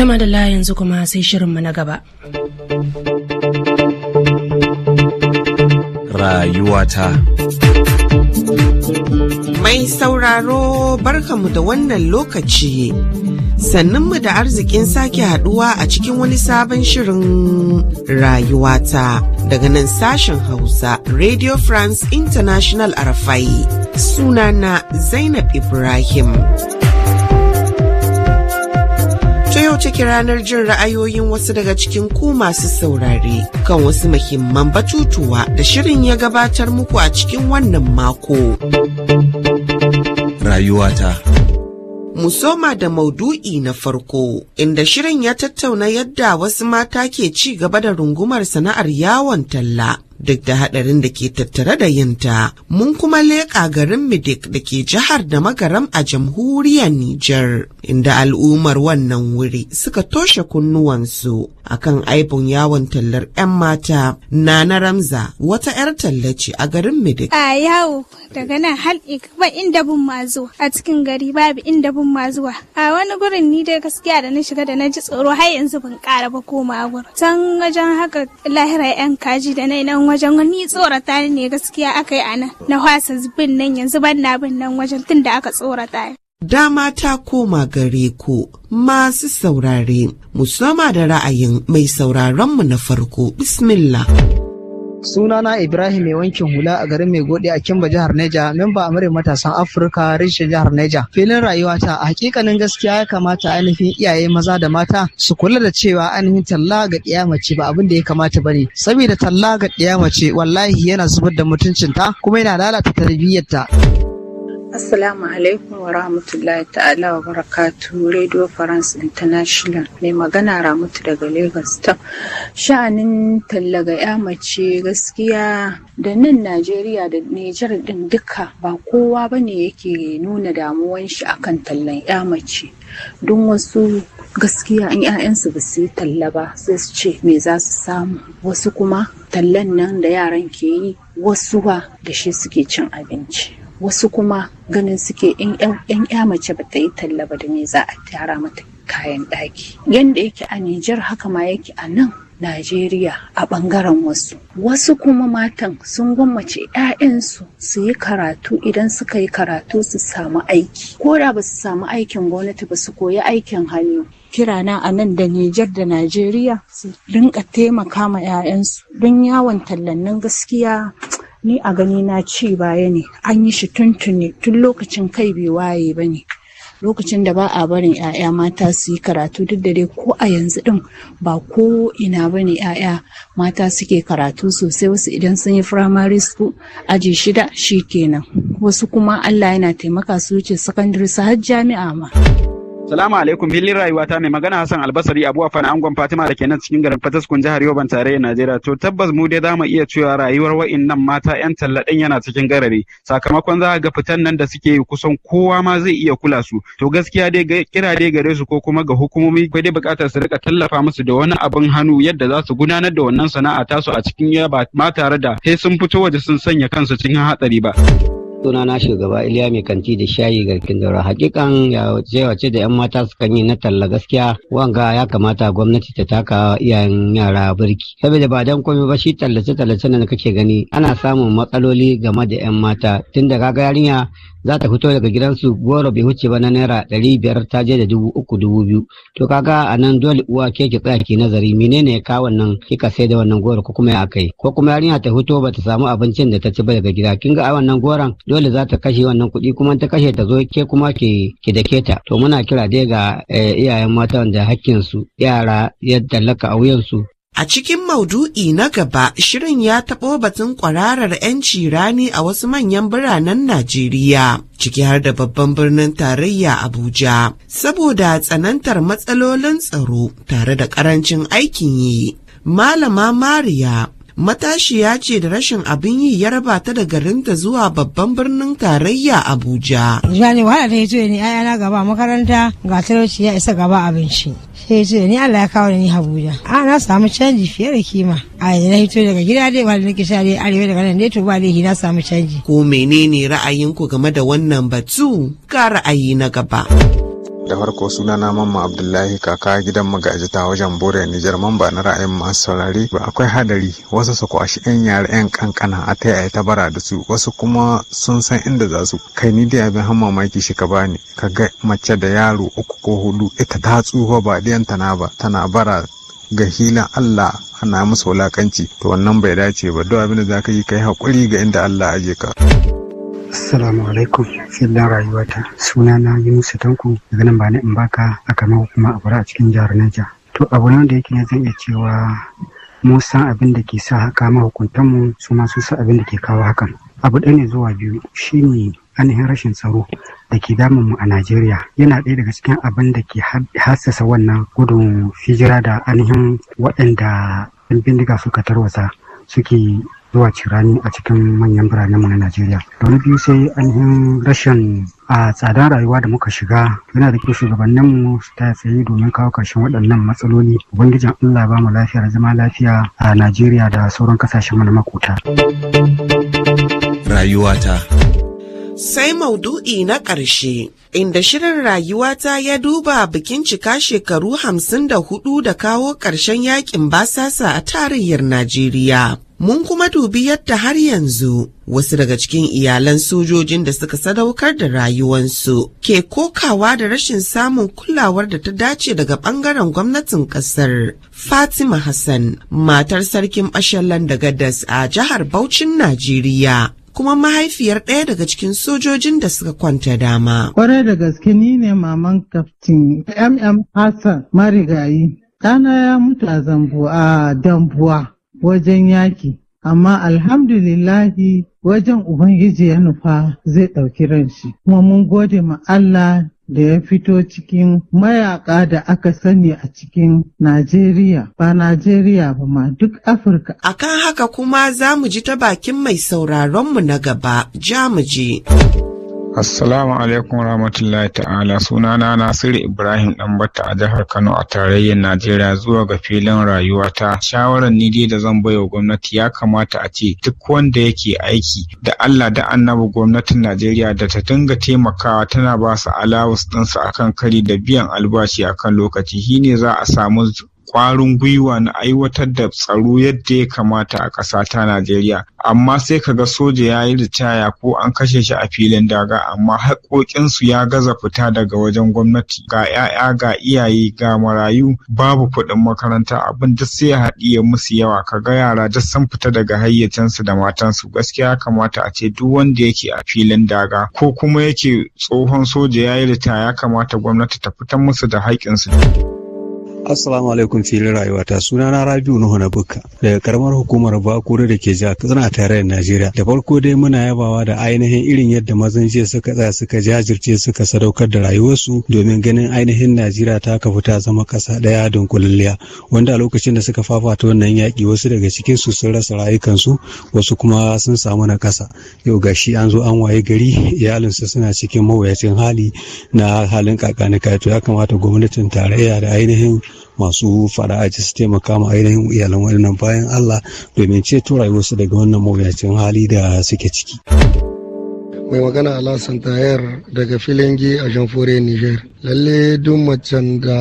Tama da yanzu kuma sai shirinmu na gaba. Rayuwata. Mai sauraro barkamu da wannan lokaci. sanninmu da arzikin sake haduwa a cikin wani sabon shirin rayuwata daga nan sashen Hausa Radio France International Arafai. na Zainab Ibrahim. yau take ranar jin ra'ayoyin wasu daga cikin ku masu saurare kan wasu muhimman batutuwa da shirin ya gabatar muku a cikin wannan mako. Rayuwata Musoma da maudu'i na farko, inda shirin ya tattauna yadda wasu mata ke ci gaba da rungumar sana'ar yawon talla duk da hadarin da ke tattare da yinta mun kuma leƙa garin midik da ke jihar da magaram a jamhuriyar Nijar inda al'ummar wannan wuri suka toshe kunnuwansu akan aibun yawon tallar 'yan mata Nana Ramza wata 'yar talla a garin midik. A yawo daga nan har ba inda bin ma zuwa a cikin gari babu inda bin ma zuwa a wani gurin ni dai gaskiya da na shiga da na ji tsoro har yanzu ban ƙara ba koma gurin. Can wajen haka lahira 'yan kaji da na nan wajen wani tsorata ne gaskiya aka yi ana na hwasa bin nan yanzu ban na bin nan wajen tun da aka tsorata Dama ta koma gare ku masu saurare, sama da ra'ayin mai sauraronmu na farko, bismillah. sunana ibrahim mai wankin hula a garin mai gode a kimba jihar neja memba amurin matasan afirka rishin jihar neja filin rayuwata a hakikanin gaskiya ya kamata ainihin iyaye maza da mata su kula da cewa ainihin talla ga kiya-mace ba abin da ya kamata bane saboda talla ga mace wallahi yana zubar da mutuncinta kuma yana lalata tarbiyyarta. Assalamu alaikum wa rahmatullahi ta'ala wa barakatu Radio France International mai magana Ramatu daga Lagos ta sha'anin tallaga ya mace gaskiya da nan Najeriya da Nijar din duka ba kowa ba ne yake nuna damuwan shi akan tallan ya mace don wasu gaskiya in 'ya'yansu ba su yi talla ba sai su ce me za su samu wasu kuma tallan nan da yaran ke yi wasu ba da shi suke cin abinci wasu kuma ganin suke in yan ya mace ba ta yi talla ba da me za a tara mata kayan ɗaki yanda yake a Nijar haka ma yake a nan Najeriya a ɓangaren wasu. Wasu kuma matan sun gwammace 'ya'yansu su yi karatu idan suka yi karatu su samu aiki. Ko da ba su samu aikin gwamnati ba su koyi aikin hannu. Kirana a nan da Nijar da Najeriya su rinka taimaka ma 'ya'yansu don yawon tallannin gaskiya ni a gani na ci baya ne an yi shi tuntuni tun lokacin kai bai waye ba ne lokacin da ba a barin 'ya'ya mata su yi karatu duk da dai ko a yanzu din ba ko ina ba ne 'ya'ya mata suke karatu sosai wasu idan sun yi firamare su aji shida shi kenan wasu kuma allah yana taimaka su wuce sakandare su har jami'a ma. Salamu alaikum filin rayuwata mai magana Hassan Albasari Abu fana Angon Fatima da ke nan cikin garin Fataskun jihar Yoban tarayyar Najeriya to tabbas mu dai zamu iya cewa rayuwar nan mata yan talla yana cikin garare sakamakon za ga fitan nan da suke kusan kowa ma zai iya kula su to gaskiya dai kira dai gare su ko kuma ga hukumomi ko dai bukatar su rika tallafa musu da wani abin hannu yadda za su gudanar da wannan sana'a tasu a cikin yaba ma tare da sai sun fito waje sun sanya kansu cikin hatsari ba. sunana shugaba iliya mai kanti da shayi garkin daura hakikan ya wace da yan mata sukan yi na talla gaskiya wanga ya kamata gwamnati ta taka iyayen yara birki saboda ba dan komai ba shi tallace tallace ne kake gani ana samun matsaloli game da yan mata tunda kaga yarinya za ta fito daga gidansu goro bai wuce ba na naira ɗari biyar ta je da dubu uku dubu biyu to kaga a nan dole uwa ke ki tsaya ki nazari menene ya kawo nan kika sai da wannan goro ko kuma ya akai ko kuma yarinya ta fito ba ta samu abincin da ta ci ba daga gida kin ga a wannan goron dole za ta kashe wannan kuɗi kuma ta kashe ta zo ke kuma ki ki dake ta to muna kira dai ga eh, iyayen mata wanda hakkin su yara ya tallaka a wuyansu A cikin maudu'i na gaba shirin ya taɓo batun ƙwararar 'yanci rani a wasu manyan biranen Najeriya, ciki har da babban birnin tarayya Abuja, saboda tsanantar matsalolin tsaro tare da ƙarancin aikin yi. Malama Mariya matashiya ce da rashin abin yi ya raba ta da garinta zuwa babban birnin tarayya Abuja. ne wahala ta ne ni na gaba makaranta ga talauci ya isa gaba abinci. Sai yato ni Allah ya kawo ni Abuja. A na samu canji fiye da kima. A na hito daga gida dai wani nake sha dai arewa daga nan dai to ba dai na samu canji. Ko menene ra'ayinku game da wannan batu? Ka ra'ayi na gaba. da farko suna na mamma abdullahi kaka gidan magaji ta wajen bore nijar mamba na ra'ayin masu saurari ba akwai hadari wasu su kwashi yan yare yan kankana a ta yaya ta bara da su wasu kuma sun san inda za su kai ni dai abin maki shi ka bani ka ga mace da yaro uku ko hudu ita ta tsufa ba diyanta na ba tana bara ga hilan Allah ana musu wulakanci to wannan bai dace ba duk abin da ka yi kai hakuri ga inda Allah aje ka. Assalamu alaikum rayuwa rayuwata suna na yi Yunusa Tanko daga nan ba ni in baka a kama hukuma a a cikin jihar Niger. To abu nan da yake ne zan iya cewa mun san abin da ke sa haka mu, su ma sun san abin da ke kawo hakan. Abu ɗaya ne zuwa biyu shine ainihin rashin tsaro da ke damun mu a Najeriya yana ɗaya daga cikin abin da ke hassasa wannan gudun hijira da ainihin waɗanda bindiga suka tarwasa suke zuwa cirani a cikin manyan biranenmu na Najeriya. Don biyu sai ainihin rashin a tsadar rayuwa da muka shiga yana da kyau shugabanninmu su ta tsaye domin kawo ƙarshen waɗannan matsaloli. Ubangijin Allah ba mu lafiya zama lafiya a Najeriya da sauran mu na makota. Rayuwata. Sai maudu'i na ƙarshe, inda shirin rayuwata ya duba bikin cika shekaru hamsin da hudu da kawo ƙarshen yakin basasa a tarihin Najeriya. Mun kuma dubi yadda har yanzu wasu daga cikin iyalan sojojin da suka sadaukar da rayuwansu ke kokawa da rashin samun kulawar da ta dace daga bangaren gwamnatin kasar. Fatima Hassan, matar sarkin Ashallan daga Das a jihar Bauchin Najeriya. kuma mahaifiyar ɗaya daga cikin sojojin da suka kwanta dama. Kwarai da gaske ni ne maman kaftin MM Hassan marigayi. Ɗana ya mutu a zambu a dambuwa. wajen yaki amma alhamdulillahi wajen ubangiji ya nufa zai ɗauki ran shi kuma mun gode ma Allah da ya fito cikin mayaka da aka sani a cikin Najeriya ba Najeriya ba ma duk Afirka. Akan haka kuma za mu ji ta bakin mai sauraronmu na gaba, ja mu je. Assalamu alaikum rahmatullahi ta'ala sunana Nasiru Ibrahim Ɗanbata, a jihar Kano a tarayyar Najeriya zuwa ga filin rayuwa ta shawarar ni dai da zan baiwa gwamnati ya kamata a ce duk wanda yake aiki da Allah da annabi gwamnatin Najeriya da ta dinga taimakawa tana ba su alawus ɗinsu akan kari da biyan albashi akan lokaci shine za a samu kwarin gwiwa na aiwatar da tsaro yadda ya kamata a ƙasa ta Najeriya. Amma sai ka ga soja ya yi ritaya ko an kashe shi a filin daga amma haƙoƙinsu ya gaza fita daga wajen gwamnati ga 'ya'ya ga iyaye ga marayu babu kuɗin makaranta abin duk sai ya haɗiye musu yawa ka ga yara duk sun fita daga hayyacinsu da matansu gaskiya kamata a ce duk wanda yake a filin daga ko kuma yake tsohon soja ya yi ritaya ya kamata gwamnati ta fitar musu da haƙƙinsu. Assalamu alaikum filin rayuwata suna na Rabiu Nuhu na Bukka daga karamar hukumar Bakure da ke jihar Katsina tarayyar Najeriya. Da farko dai muna yabawa da ainihin irin yadda mazan jiya suka tsaya suka jajirce suka sadaukar da rayuwarsu domin ganin ainihin Najeriya ta kafu ta zama ƙasa ɗaya kulliya. wanda a lokacin da suka fafata wannan yaƙi wasu daga cikin su sun rasa rayukansu wasu kuma sun samu na ƙasa. Yau ga shi an zo an waye gari iyalinsu suna cikin mawuyacin hali na halin kakanika to ya kamata gwamnatin tarayya da ainihin masu fara'aji su taimaka ma ainihin iyalan waɗannan bayan Allah domin ceto rayuwarsu daga wannan mawuyacin hali da suke ciki. mai magana alhassan tayar daga filingi a jamfore niger lalle duk macen da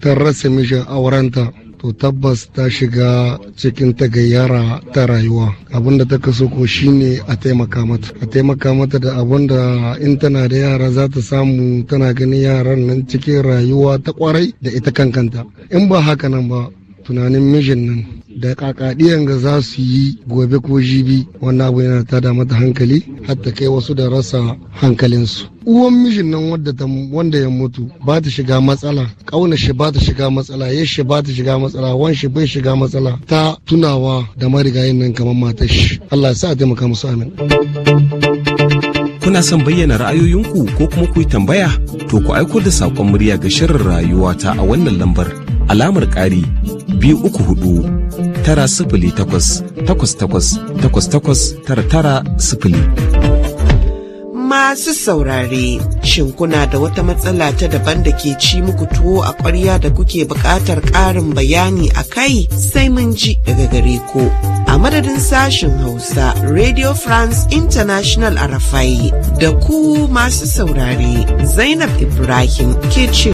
ta rasa mijin aurenta to tabbas ta shiga cikin gayyara ta rayuwa abinda ta kaso ko shine a taimaka mata a taimaka mata da abinda in tana da yara za ta samu tana ganin yaran nan cikin rayuwa ta kwarai da ita kankanta in ba haka nan ba tunanin mijin nan da kakadiyan ga za su yi gobe ko jibi wannan abu yana da mata hankali hatta kai wasu da rasa hankalinsu uwan mijin nan wanda ya mutu ba ta shiga matsala kauna shi ba ta shiga matsala ya shi ba ta shiga matsala wan shi bai shiga matsala ta tunawa da marigayin nan kamar matar shi Allah ya sa a taimaka musu amin kuna son bayyana ra'ayoyinku ko kuma ku tambaya to ku aiko da saƙon murya ga shirin rayuwa ta a wannan lambar alamar ƙari biyu uku hudu tara sifili takwas takwas takwas takwas takwas tara tara sifili. Masu saurare, shin kuna da wata matsala ta daban da ke ci muku tuwo a ƙwarya da kuke buƙatar ƙarin bayani a kai sai mun ji daga gare ku. A madadin sashen Hausa, Radio France International a Rafai da ku masu saurare, Zainab Ibrahim ke ce